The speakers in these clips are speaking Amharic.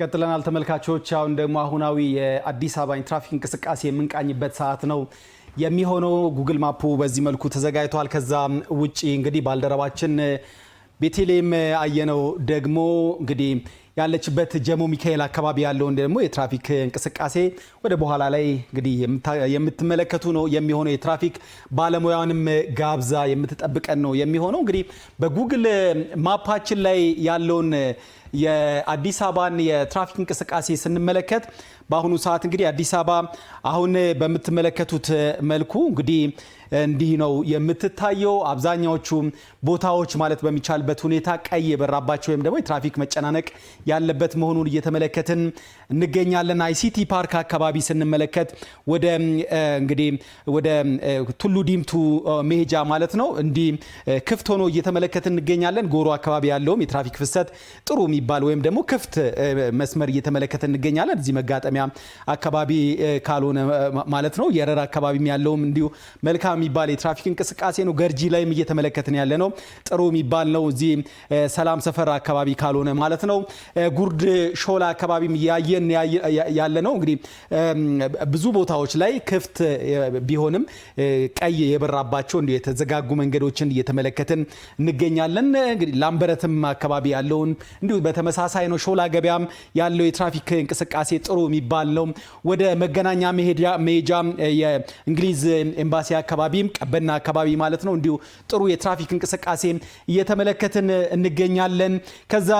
ቀጥለናል ተመልካቾች። አሁን ደግሞ አሁናዊ የአዲስ አበባ ትራፊክ እንቅስቃሴ የምንቃኝበት ሰዓት ነው የሚሆነው። ጉግል ማፑ በዚህ መልኩ ተዘጋጅቷል። ከዛ ውጪ እንግዲህ ባልደረባችን ቤቴሌም አየነው ደግሞ እንግዲህ ያለችበት ጀሞ ሚካኤል አካባቢ ያለውን ደግሞ የትራፊክ እንቅስቃሴ ወደ በኋላ ላይ እንግዲህ የምትመለከቱ ነው የሚሆነው። የትራፊክ ባለሙያንም ጋብዛ የምትጠብቀን ነው የሚሆነው። እንግዲህ በጉግል ማፓችን ላይ ያለውን የአዲስ አበባን የትራፊክ እንቅስቃሴ ስንመለከት በአሁኑ ሰዓት እንግዲህ አዲስ አበባ አሁን በምትመለከቱት መልኩ እንግዲህ እንዲህ ነው የምትታየው። አብዛኛዎቹ ቦታዎች ማለት በሚቻልበት ሁኔታ ቀይ የበራባቸው ወይም ደግሞ የትራፊክ መጨናነቅ ያለበት መሆኑን እየተመለከትን እንገኛለን። አይሲቲ ፓርክ አካባቢ ስንመለከት ወደ እንግዲህ ወደ ቱሉ ዲምቱ መሄጃ ማለት ነው እንዲህ ክፍት ሆኖ እየተመለከትን እንገኛለን። ጎሮ አካባቢ ያለውም የትራፊክ ፍሰት ጥሩ የሚባል ወይም ደግሞ ክፍት መስመር እየተመለከተ እንገኛለን። እዚህ መጋጠሚያ አካባቢ ካልሆነ ማለት ነው የረር አካባቢም ያለውም እንዲሁ መልካም የሚባል የትራፊክ እንቅስቃሴ ነው። ገርጂ ላይም እየተመለከትን ያለ ነው ጥሩ የሚባል ነው። እዚህ ሰላም ሰፈር አካባቢ ካልሆነ ማለት ነው ጉርድ ሾላ አካባቢም እያየን ያለ ነው። እንግዲህ ብዙ ቦታዎች ላይ ክፍት ቢሆንም ቀይ የበራባቸው እንዲሁ የተዘጋጉ መንገዶችን እየተመለከትን እንገኛለን። እንግዲህ ላምበረትም አካባቢ ያለውን እንዲሁ በተመሳሳይ ነው። ሾላ ገበያም ያለው የትራፊክ እንቅስቃሴ ጥሩ የሚባል ነው። ወደ መገናኛ መሄጃ የእንግሊዝ ኤምባሲ አካባቢም ቀበና አካባቢ ማለት ነው እንዲሁ ጥሩ የትራፊክ እንቅስቃሴ እየተመለከትን እንገኛለን። ከዛ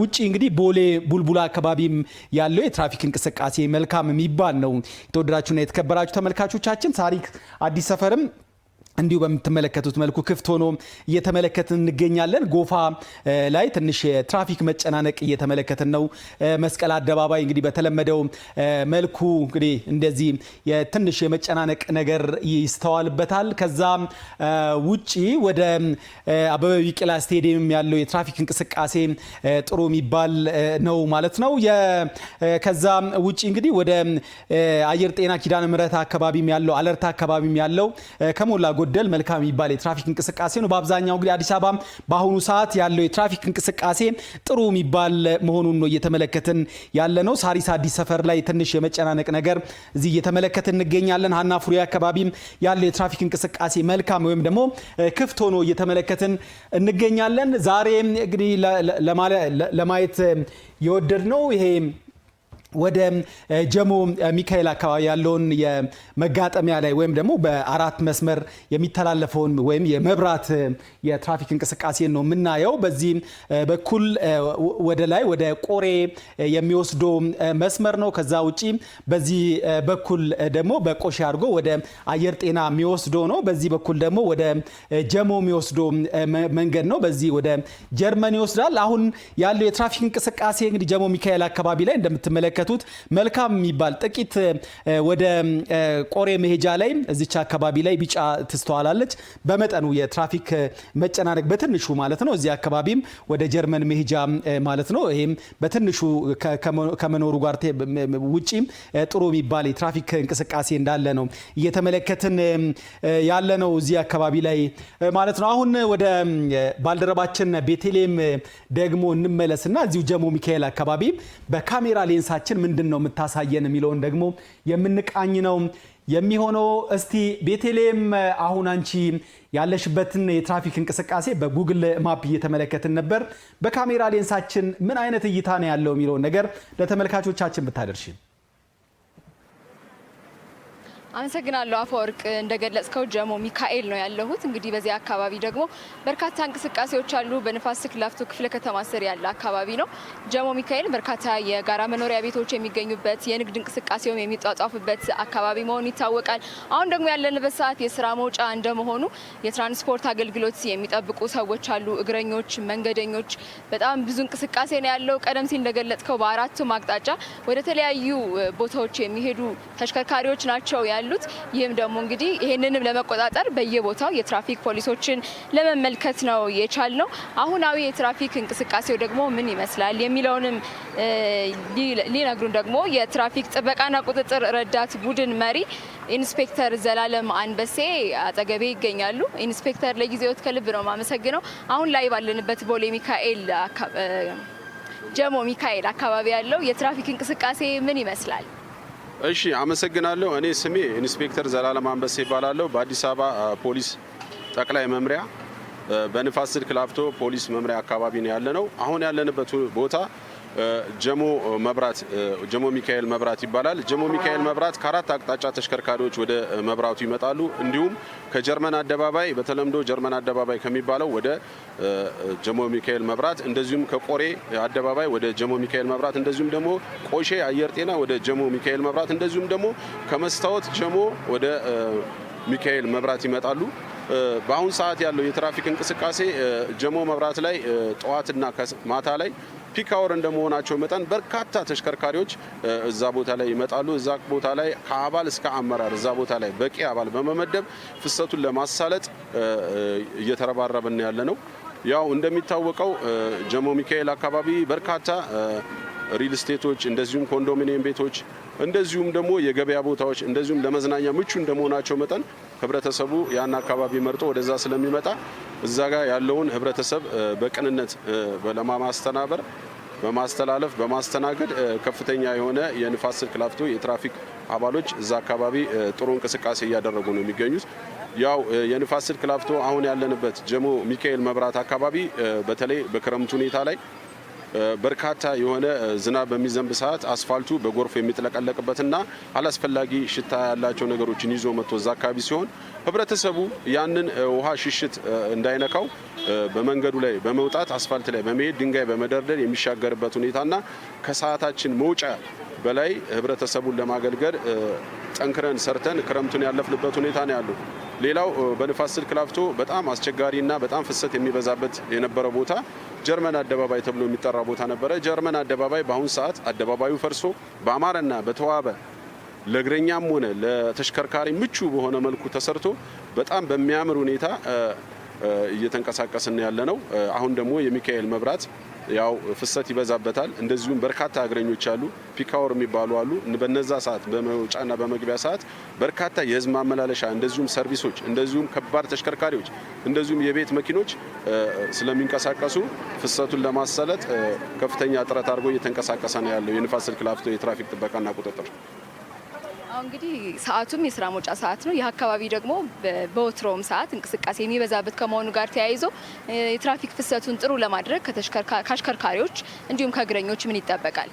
ውጭ እንግዲህ ቦሌ ቡልቡላ አካባቢም ያለው የትራፊክ እንቅስቃሴ መልካም የሚባል ነው። የተወደዳችሁና የተከበራችሁ ተመልካቾቻችን ታሪክ አዲስ ሰፈርም እንዲሁ በምትመለከቱት መልኩ ክፍት ሆኖ እየተመለከትን እንገኛለን። ጎፋ ላይ ትንሽ የትራፊክ መጨናነቅ እየተመለከትን ነው። መስቀል አደባባይ እንግዲህ በተለመደው መልኩ እንግዲህ እንደዚህ ትንሽ የመጨናነቅ ነገር ይስተዋልበታል። ከዛ ውጪ ወደ አበበ ቢቂላ ስቴዲየም ያለው የትራፊክ እንቅስቃሴ ጥሩ የሚባል ነው ማለት ነው። ከዛ ውጪ እንግዲህ ወደ አየር ጤና ኪዳነ ምሕረት አካባቢም ያለው አለርታ አካባቢም ያለው ከሞላ ጎ ጎደል መልካም የሚባል የትራፊክ እንቅስቃሴ ነው። በአብዛኛው እንግዲህ አዲስ አበባ በአሁኑ ሰዓት ያለው የትራፊክ እንቅስቃሴ ጥሩ የሚባል መሆኑን ነው እየተመለከትን ያለ ነው። ሳሪስ አዲስ ሰፈር ላይ ትንሽ የመጨናነቅ ነገር እዚህ እየተመለከትን እንገኛለን። ሀና ፉሪ አካባቢም ያለው የትራፊክ እንቅስቃሴ መልካም ወይም ደግሞ ክፍት ሆኖ እየተመለከትን እንገኛለን። ዛሬ እንግዲህ ለማየት የወደድ ነው ይሄ ወደ ጀሞ ሚካኤል አካባቢ ያለውን የመጋጠሚያ ላይ ወይም ደግሞ በአራት መስመር የሚተላለፈውን ወይም የመብራት የትራፊክ እንቅስቃሴን ነው የምናየው። በዚህ በኩል ወደ ላይ ወደ ቆሬ የሚወስዶ መስመር ነው። ከዛ ውጪ በዚህ በኩል ደግሞ በቆሼ አድርጎ ወደ አየር ጤና የሚወስዶ ነው። በዚህ በኩል ደግሞ ወደ ጀሞ የሚወስዶ መንገድ ነው። በዚህ ወደ ጀርመን ይወስዳል። አሁን ያለው የትራፊክ እንቅስቃሴ እንግዲህ ጀሞ ሚካኤል አካባቢ ላይ እንደምትመለከ ስትመለከቱት መልካም የሚባል ጥቂት ወደ ቆሬ መሄጃ ላይ እዚች አካባቢ ላይ ቢጫ ትስተዋላለች። በመጠኑ የትራፊክ መጨናነቅ በትንሹ ማለት ነው። እዚህ አካባቢም ወደ ጀርመን መሄጃ ማለት ነው። ይህም በትንሹ ከመኖሩ ጋር ውጪም ጥሩ የሚባል የትራፊክ እንቅስቃሴ እንዳለ ነው እየተመለከትን ያለ ነው እዚህ አካባቢ ላይ ማለት ነው። አሁን ወደ ባልደረባችን ቤተልሔም ደግሞ እንመለስና እዚሁ ጀሞ ሚካኤል አካባቢ በካሜራ ሌንሳችን ሀሳቦቻችን ምንድን ነው የምታሳየን የሚለውን ደግሞ የምንቃኝ ነው የሚሆነው። እስቲ ቤተልሔም፣ አሁን አንቺ ያለሽበትን የትራፊክ እንቅስቃሴ በጉግል ማፕ እየተመለከትን ነበር። በካሜራ ሌንሳችን ምን አይነት እይታ ነው ያለው የሚለውን ነገር ለተመልካቾቻችን ብታደርሽን። አመሰግናለሁ አፈወርቅ። እንደገለጽከው ጀሞ ሚካኤል ነው ያለሁት። እንግዲህ በዚህ አካባቢ ደግሞ በርካታ እንቅስቃሴዎች አሉ። በንፋስ ስልክ ላፍቶ ክፍለ ከተማ ስር ያለ አካባቢ ነው ጀሞ ሚካኤል። በርካታ የጋራ መኖሪያ ቤቶች የሚገኙበት የንግድ እንቅስቃሴውም የሚጧጧፍበት አካባቢ መሆኑ ይታወቃል። አሁን ደግሞ ያለንበት ሰዓት የስራ መውጫ እንደመሆኑ የትራንስፖርት አገልግሎት የሚጠብቁ ሰዎች አሉ፣ እግረኞች፣ መንገደኞች። በጣም ብዙ እንቅስቃሴ ነው ያለው። ቀደም ሲል እንደገለጽከው በአራቱም አቅጣጫ ወደ ተለያዩ ቦታዎች የሚሄዱ ተሽከርካሪዎች ናቸው ያሉት። ይህም ደግሞ እንግዲህ ይህንንም ለመቆጣጠር በየቦታው የትራፊክ ፖሊሶችን ለመመልከት ነው የቻል ነው። አሁናዊ የትራፊክ እንቅስቃሴው ደግሞ ምን ይመስላል የሚለውንም ሊነግሩን ደግሞ የትራፊክ ጥበቃና ቁጥጥር ረዳት ቡድን መሪ ኢንስፔክተር ዘላለም አንበሴ አጠገቤ ይገኛሉ። ኢንስፔክተር ለጊዜዎት ከልብ ነው የማመሰግነው። አሁን ላይ ባለንበት ቦሌ ሚካኤል ጀሞ ሚካኤል አካባቢ ያለው የትራፊክ እንቅስቃሴ ምን ይመስላል? እሺ አመሰግናለሁ። እኔ ስሜ ኢንስፔክተር ዘላለም አንበሴ ይባላለሁ። በአዲስ አበባ ፖሊስ ጠቅላይ መምሪያ በንፋስ ስልክ ላፍቶ ፖሊስ መምሪያ አካባቢ ነው ያለ ነው። አሁን ያለንበት ቦታ ጀሞ መብራት ጀሞ ሚካኤል መብራት ይባላል። ጀሞ ሚካኤል መብራት ከአራት አቅጣጫ ተሽከርካሪዎች ወደ መብራቱ ይመጣሉ። እንዲሁም ከጀርመን አደባባይ በተለምዶ ጀርመን አደባባይ ከሚባለው ወደ ጀሞ ሚካኤል መብራት፣ እንደዚሁም ከቆሬ አደባባይ ወደ ጀሞ ሚካኤል መብራት፣ እንደዚሁም ደግሞ ቆሼ አየር ጤና ወደ ጀሞ ሚካኤል መብራት፣ እንደዚሁም ደግሞ ከመስታወት ጀሞ ወደ ሚካኤል መብራት ይመጣሉ። በአሁን ሰዓት ያለው የትራፊክ እንቅስቃሴ ጀሞ መብራት ላይ ጠዋትና ማታ ላይ ፒክ አወር እንደመሆናቸው መጠን በርካታ ተሽከርካሪዎች እዛ ቦታ ላይ ይመጣሉ። እዛ ቦታ ላይ ከአባል እስከ አመራር እዛ ቦታ ላይ በቂ አባል በመመደብ ፍሰቱን ለማሳለጥ እየተረባረብን ያለ ነው። ያው እንደሚታወቀው ጀሞ ሚካኤል አካባቢ በርካታ ሪል ስቴቶች እንደዚሁም ኮንዶሚኒየም ቤቶች እንደዚሁም ደግሞ የገበያ ቦታዎች እንደዚሁም ለመዝናኛ ምቹ እንደመሆናቸው መጠን ህብረተሰቡ ያን አካባቢ መርጦ ወደዛ ስለሚመጣ እዛ ጋር ያለውን ህብረተሰብ በቅንነት ለማስተናበር በማስተላለፍ በማስተናገድ ከፍተኛ የሆነ የንፋስ ስልክ ላፍቶ የትራፊክ አባሎች እዛ አካባቢ ጥሩ እንቅስቃሴ እያደረጉ ነው የሚገኙት። ያው የንፋስ ስልክ ላፍቶ አሁን ያለንበት ጀሞ ሚካኤል መብራት አካባቢ በተለይ በክረምት ሁኔታ ላይ በርካታ የሆነ ዝናብ በሚዘንብ ሰዓት አስፋልቱ በጎርፍ የሚጥለቀለቅበትና አላስፈላጊ ሽታ ያላቸው ነገሮችን ይዞ መጥቶ እዛ አካባቢ ሲሆን ህብረተሰቡ ያንን ውሃ ሽሽት እንዳይነካው በመንገዱ ላይ በመውጣት አስፋልት ላይ በመሄድ ድንጋይ በመደርደር የሚሻገርበት ሁኔታና ከሰዓታችን መውጫ በላይ ህብረተሰቡን ለማገልገል ጠንክረን ሰርተን ክረምቱን ያለፍንበት ሁኔታ ነው ያለው። ሌላው በንፋስ ስልክ ላፍቶ በጣም አስቸጋሪና በጣም ፍሰት የሚበዛበት የነበረ ቦታ ጀርመን አደባባይ ተብሎ የሚጠራ ቦታ ነበረ። ጀርመን አደባባይ በአሁኑ ሰዓት አደባባዩ ፈርሶ በአማረና በተዋበ ለእግረኛም ሆነ ለተሽከርካሪ ምቹ በሆነ መልኩ ተሰርቶ በጣም በሚያምር ሁኔታ እየተንቀሳቀስን ያለ ነው። አሁን ደግሞ የሚካኤል መብራት ያው ፍሰት ይበዛበታል። እንደዚሁም በርካታ እግረኞች አሉ፣ ፒካወር የሚባሉ አሉ። በነዛ ሰዓት በመውጫና በመግቢያ ሰዓት በርካታ የህዝብ ማመላለሻ እንደዚሁም ሰርቪሶች፣ እንደዚሁም ከባድ ተሽከርካሪዎች፣ እንደዚሁም የቤት መኪኖች ስለሚንቀሳቀሱ ፍሰቱን ለማሳለጥ ከፍተኛ ጥረት አድርጎ እየተንቀሳቀሰ ነው ያለው የንፋስ ስልክ ላፍቶ የትራፊክ ጥበቃና ቁጥጥር አሁን እንግዲህ ሰዓቱም የስራ መውጫ ሰዓት ነው። ይህ አካባቢ ደግሞ በወትሮውም ሰዓት እንቅስቃሴ የሚበዛበት ከመሆኑ ጋር ተያይዞ የትራፊክ ፍሰቱን ጥሩ ለማድረግ ከአሽከርካሪዎች እንዲሁም ከእግረኞች ምን ይጠበቃል?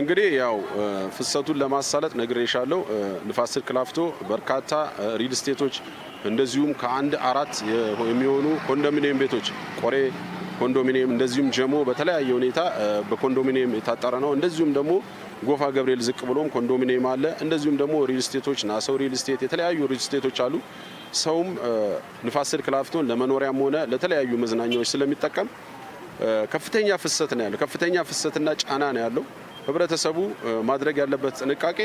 እንግዲህ ያው ፍሰቱን ለማሳለጥ ነግሬሻለሁ። ንፋስ ስልክ ላፍቶ በርካታ ሪል ስቴቶች እንደዚሁም ከአንድ አራት የሚሆኑ ኮንዶሚኒየም ቤቶች ቆሬ ኮንዶሚኒየም እንደዚሁም ጀሞ በተለያየ ሁኔታ በኮንዶሚኒየም የታጠረ ነው። እንደዚሁም ደግሞ ጎፋ ገብርኤል ዝቅ ብሎም ኮንዶሚኒየም አለ። እንደዚሁም ደግሞ ሪል ስቴቶች ናሰው ሪል ስቴት፣ የተለያዩ ሪል ስቴቶች አሉ። ሰውም ንፋስ ስልክ ላፍቶን ለመኖሪያም ሆነ ለተለያዩ መዝናኛዎች ስለሚጠቀም ከፍተኛ ፍሰት ነው ያለው። ከፍተኛ ፍሰትና ጫና ነው ያለው። ህብረተሰቡ ማድረግ ያለበት ጥንቃቄ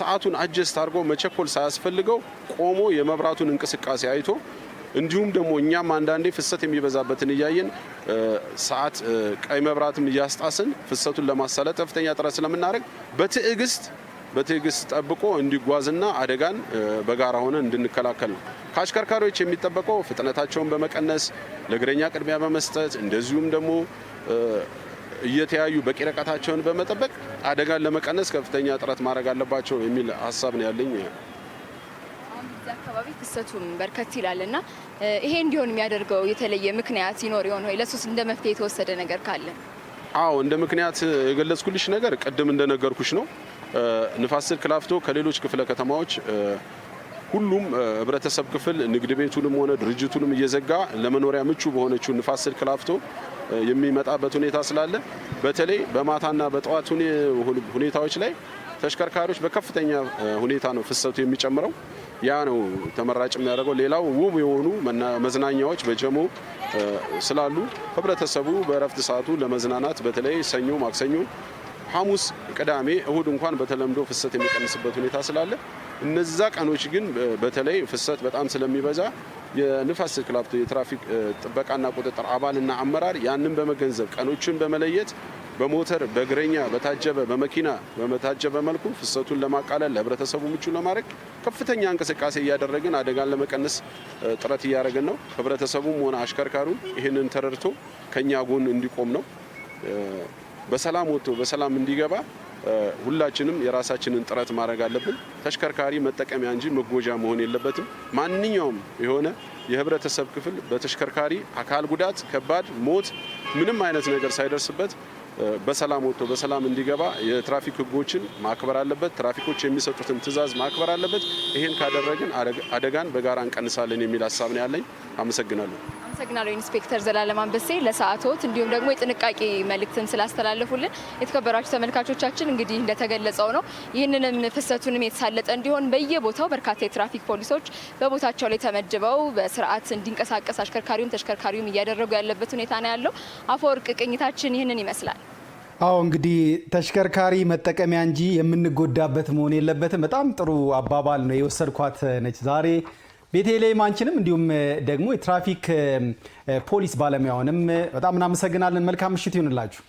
ሰዓቱን አጀስት አድርጎ መቸኮል ሳያስፈልገው ቆሞ የመብራቱን እንቅስቃሴ አይቶ እንዲሁም ደግሞ እኛም አንዳንዴ ፍሰት የሚበዛበትን እያየን ሰዓት ቀይ መብራትም እያስጣስን ፍሰቱን ለማሳለጥ ከፍተኛ ጥረት ስለምናደርግ በትዕግስት በትዕግስት ጠብቆ እንዲጓዝና አደጋን በጋራ ሆነ እንድንከላከል ነው። ከአሽከርካሪዎች የሚጠበቀው ፍጥነታቸውን በመቀነስ ለእግረኛ ቅድሚያ በመስጠት እንደዚሁም ደግሞ እየተያዩ በቂ ርቀታቸውን በመጠበቅ አደጋን ለመቀነስ ከፍተኛ ጥረት ማድረግ አለባቸው የሚል ሀሳብ ነው ያለኝ። እዚህ አካባቢ ክሰቱም በርከት ይላል እና ይሄ እንዲሆን የሚያደርገው የተለየ ምክንያት ይኖር ይሆን ወይ? ለሱስ እንደ መፍትሄ የተወሰደ ነገር ካለ? አዎ እንደ ምክንያት የገለጽኩልሽ ነገር ቅድም እንደነገርኩሽ ነው። ንፋስ ስልክ ላፍቶ ከሌሎች ክፍለ ከተማዎች ሁሉም ህብረተሰብ ክፍል ንግድ ቤቱንም ሆነ ድርጅቱንም እየዘጋ ለመኖሪያ ምቹ በሆነችው ንፋስ ስልክ ላፍቶ የሚመጣበት ሁኔታ ስላለ በተለይ በማታና በጠዋት ሁኔታዎች ላይ ተሽከርካሪዎች በከፍተኛ ሁኔታ ነው ፍሰቱ የሚጨምረው። ያ ነው ተመራጭ የሚያደርገው። ሌላው ውብ የሆኑ መዝናኛዎች በጀሞ ስላሉ ህብረተሰቡ በእረፍት ሰዓቱ ለመዝናናት በተለይ ሰኞ፣ ማክሰኞ፣ ሐሙስ፣ ቅዳሜ፣ እሁድ እንኳን በተለምዶ ፍሰት የሚቀንስበት ሁኔታ ስላለ እነዛ ቀኖች ግን በተለይ ፍሰት በጣም ስለሚበዛ የንፋስ ስልክ የትራፊክ ጥበቃና ቁጥጥር አባልና አመራር ያንን በመገንዘብ ቀኖችን በመለየት በሞተር በእግረኛ በታጀበ በመኪና በመታጀበ መልኩ ፍሰቱን ለማቃለል ለህብረተሰቡ ምቹ ለማድረግ ከፍተኛ እንቅስቃሴ እያደረግን አደጋን ለመቀነስ ጥረት እያደረግን ነው። ህብረተሰቡም ሆነ አሽከርካሪው ይህንን ተረድቶ ከኛ ጎን እንዲቆም ነው። በሰላም ወጥቶ በሰላም እንዲገባ ሁላችንም የራሳችንን ጥረት ማድረግ አለብን። ተሽከርካሪ መጠቀሚያ እንጂ መጎጃ መሆን የለበትም። ማንኛውም የሆነ የህብረተሰብ ክፍል በተሽከርካሪ አካል ጉዳት፣ ከባድ ሞት፣ ምንም አይነት ነገር ሳይደርስበት በሰላም ወጥቶ በሰላም እንዲገባ የትራፊክ ህጎችን ማክበር አለበት። ትራፊኮች የሚሰጡትን ትዕዛዝ ማክበር አለበት። ይህን ካደረግን አደጋን በጋራ እንቀንሳለን የሚል ሀሳብ ነው ያለኝ። አመሰግናለሁ። አመሰግናለሁ ኢንስፔክተር ዘላለም አንበሴ ለሰዓቶት እንዲሁም ደግሞ የጥንቃቄ መልእክትን ስላስተላለፉልን። የተከበራችሁ ተመልካቾቻችን እንግዲህ እንደተገለጸው ነው ይህንንም ፍሰቱንም የተሳለጠ እንዲሆን በየቦታው በርካታ የትራፊክ ፖሊሶች በቦታቸው ላይ ተመድበው በስርዓት እንዲንቀሳቀስ አሽከርካሪውም ተሽከርካሪውም እያደረጉ ያለበት ሁኔታ ነው ያለው። አፈወርቅ ቅኝታችን ይህንን ይመስላል። አዎ እንግዲህ ተሽከርካሪ መጠቀሚያ እንጂ የምንጎዳበት መሆን የለበትም። በጣም ጥሩ አባባል ነው የወሰድኳት ነች ዛሬ ቤተልሔም አንቺንም እንዲሁም ደግሞ የትራፊክ ፖሊስ ባለሙያውንም በጣም እናመሰግናለን። መልካም ምሽት ይሁንላችሁ።